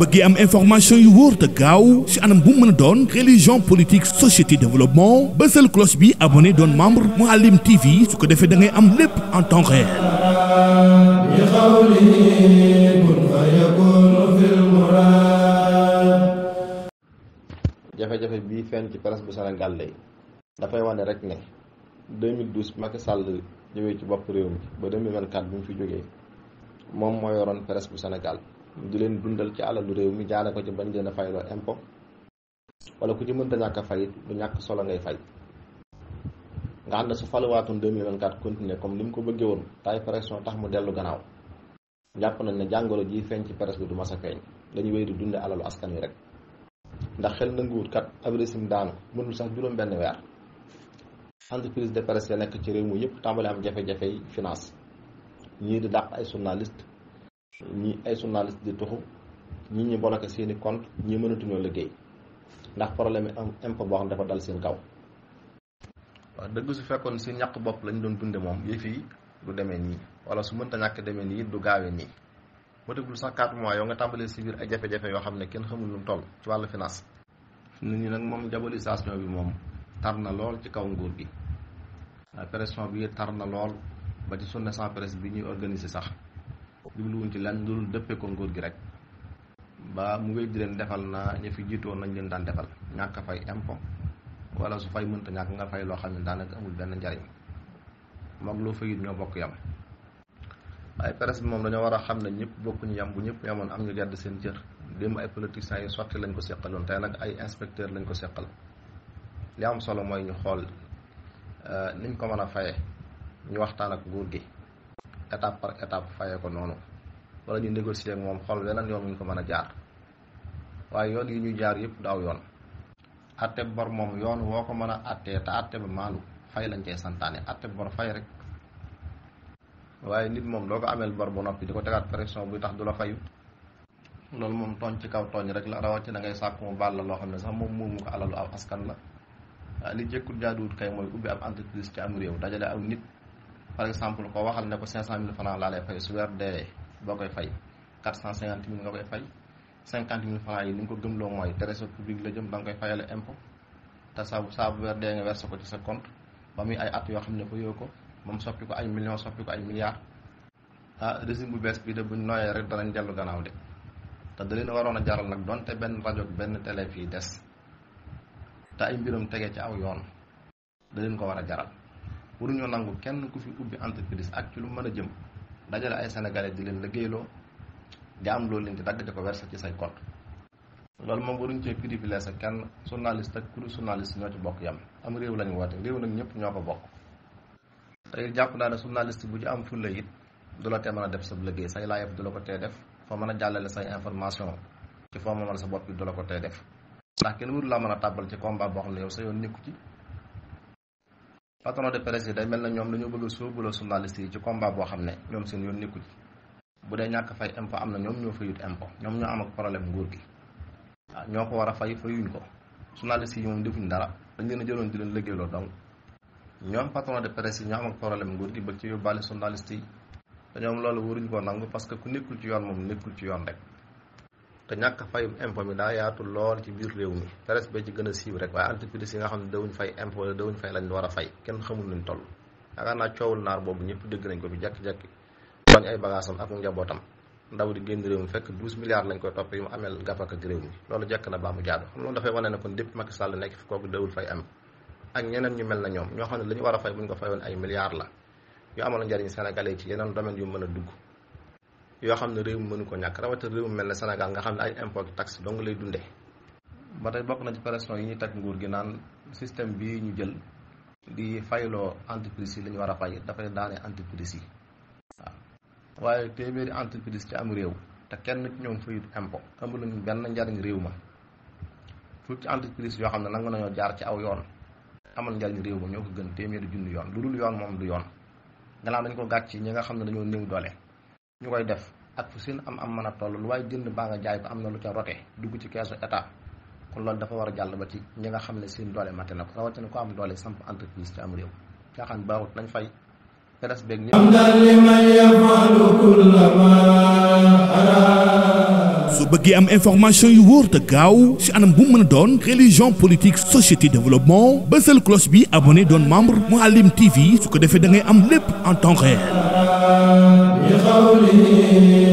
bëggee am information yu wóor te gaaw ci anam bu mën a doon religion politique société développement bësal cloche bi abonné doon membre Mouhalim TV su ko defee dangay am lépp en temps réel. bi jafe bii fenn ci presse bu Sénégal lay dafay wane rek ne ñëwee ci bopp réew mi ba 2024 bi mu fi jógee moom moo yoroon presse bu Sénégal di leen dundal ci alalu réew mi jaare ko ci bañ leen a fayloo impôt wala ku ci mënta ñàkk a fay bu ñàkk solo ngay fay nga xam ne su faluwaatoon 2024 continuer comme li mu ko bëggee woon tay pression tax mu dellu gannaaw jàpp nañ ne jàngoro ji feeñ ci presse bi du mas a feeñ dañuy wéy di dunde alalu askan wi rek ndax xel nanguwut kat ab régime daanu mënul sax juróom benn weer entreprise de presse ya nekk ci réew mi yëpp tàmbali am jafe-jafe finance ñii di dàq ay journaliste ñii ay journaliste di tuxu ñii ñi bloqué seen i compte ñii mënatuñoo liggéey ndax problème am impôt boo xam dafa dal seen kaw waaw dëgg su fekkoon si ñàkk bopp lañ doon dundee moom yëf yi du demee nii wala su mënta ñàkk demee nii du gaawee nii matagul sax quatre mois yow nga tàmbalee si biir ay jafe-jafe yoo xam ne kenn xamul lu toll ci wàllu finance nit ñi nag moom diabolisation bi moom tar na lool ci kaw nguur gi pression bi tar na lool ba ci journée sans presse bi ñuy organiser sax jubluwuñ ci lan lu dëppee ko nguur gi rek ba mu wéy di leen defal na ñu fi jiitoon nañ leen daan defal ñàkk fay impôt wala su fay mënta ñàkk nga fay loo xam ne daanaka amul benn njariñ moog loo fayit ñoo bokk yam waaye presse bi moom dañoo war a xam ne ñëpp bokkuñu yam bu ñëpp yamoon am ñu gedd seen cër démb ay politiciens yu sotti lañ ko seqaloon nag ay inspecteur lañ ko seqal li am solo mooy ñu xool euh, niñ ko mën a faye ñu waxtaan ak nguur gi étape par étape faye ko noonu walla ñu négocier ak moom xool leneen yoon ñu ko mën a jaar waaye yoon yi ñu jaar yëpp daaw yoon atte bor moom yoon woo ko mën a àtte te atte ba maalu fay lañ cey santaane atte bor fay rek waaye nit moom doo ko ameel bor bu noppi di ko tegaat pression buy tax du la fayu loolu moom tooñ ci kaw tooñ rek la rawatina ngay sàkk mu baal la loo xam ne sax moom moomu ko alalu aw askan la Ah, li jëkkul jaaduwut kay mooy ubbi ab entreprise ci am réew dajale aw nit par exemple ko waxal ne ko 500000F laa lay fay su weer deewee boo koy fay 450000 nga koy fay 50000F yi ni nga ko gëmloo mooy trésor public la jëm da koy fayale impôt te saabu weer dee nga verse ko ci sa compte ba muy ay at yoo xam ne ko yow ko moom soppi ko ay millions soppi ko ay milliards. ah régime bu bees bii de buñ nooyee rek danañ dellu gannaaw de te da leen waroon a jaral nag donte benn rajo benn télé fii des. te ay mbiram tegee ci aw yoon da leen ko war a jaral waruñoo nangu kenn ku fi ubbi entreprise ak ci lu mën a jëm dajale ay sénégalais di leen liggéeyloo di am loolu leen di dagg di ko verser ci say compte loolu moom waruñ cee privilège sa kenn journaliste ak kuréel journaliste ñoo ci bokk yam am réew lañu woote réew nag ñëpp ñoo ko bokk tey jàpp naa ne journaliste bu ci am fulla it du la tee mën a def sa liggéey say laayef du la ko tee def foo mën a jàllale say information ci foo mën sa bopp it du la ko tee def ndax kenn wut laa mën a tàbbal ci combat boo xam ne yow sa yoon nekku ci patron de presse yi day mel na ñoom dañoo bëgg a sóobuloo journaliste yi ci combat boo xam ne ñoom seen yoon nekku ci dee ñàkk fay impôt am na ñoom ñoo fayut impôt ñoom ñoo am ak problème nguur gi waaw ah, ñoo ko war a fay fayuñ ko journaliste yi moom defuñ dara dañ leen a jëloon di leen liggéeyloo donc ñoom patron de presse yi ñoo am ak problème nguur gi bëgg ci yóbbaale journaliste yi te ñoom loolu waruñ koo nangu parce que ku nekkul ci yoon moom nekkul ci yoon rek te ñàkk fayum impôt mi daa yaatu lool ci biir réew mi teres ba ci gën a siiw rek waaye entreprise yi nga xam ne dawuñ fay impôt wala dawuñ fay lañ a fay kenn xamul luñ toll yaakaar naa coowul boobu ñëpp dégg nañ ko fi jàkki-jàkki bañ ay bagaasam ak njabootam ndaw di génn réew mi fekk 12 milliards lañ koy topp yi mu ameel gàppal ak réew mi loolu jekk na baa mu jaadu xam loolu dafay wane ne kon depuis Macky Sall nekk fi kooku dawul fay am ak ñeneen ñu mel na ñoom ñoo xam ne la ñu war a fay buñ ko fayoon ay milliards la ñu amal njariñ Sénégalais ci yeneen domaine yu mën a dugg yoo xam ne réew mi mënu ko ñàkk rawatina réew mi mel ne Sénégal nga xam ne ay impôt taxe dong lay dundee. ba tey bokk na ci pression yi ñuy teg nguur gi naan système bii ñu jël di fayloo entreprise yi la war a fay dafay daane entreprise yi waaw waaye téeméeri entreprise ci am réew te kenn ci ñoom fayut impôt amuluñ benn njariñ réew ma fukki entreprise yoo xam ne nangu nañoo jaar ci aw yoon amal njariñ réew ma ñoo ko gën téeméeri junni yoon lu dul yoon moom du yoon gannaaw dañ ko gàcc ñi nga xam ne dañoo néew doole ñu koy def ak fu seen am am mën a toll lu waaye jënd baa nga jaay ko am na lu ca rote dugg ci keesu état kon loolu dafa war a jàll ba ci ñi nga xam ne seen doole mate na ko rawatina ko am doole samp entreprise ci am réew caaxaan baaxut nañ fay peres beeg ni su bëggee am information yu wóor te gaaw si anam bu mu mën a doon religion politique société développement bësal cloche bi abonné doon membre Mouhalim TV su ko defee da am lépp en بقوله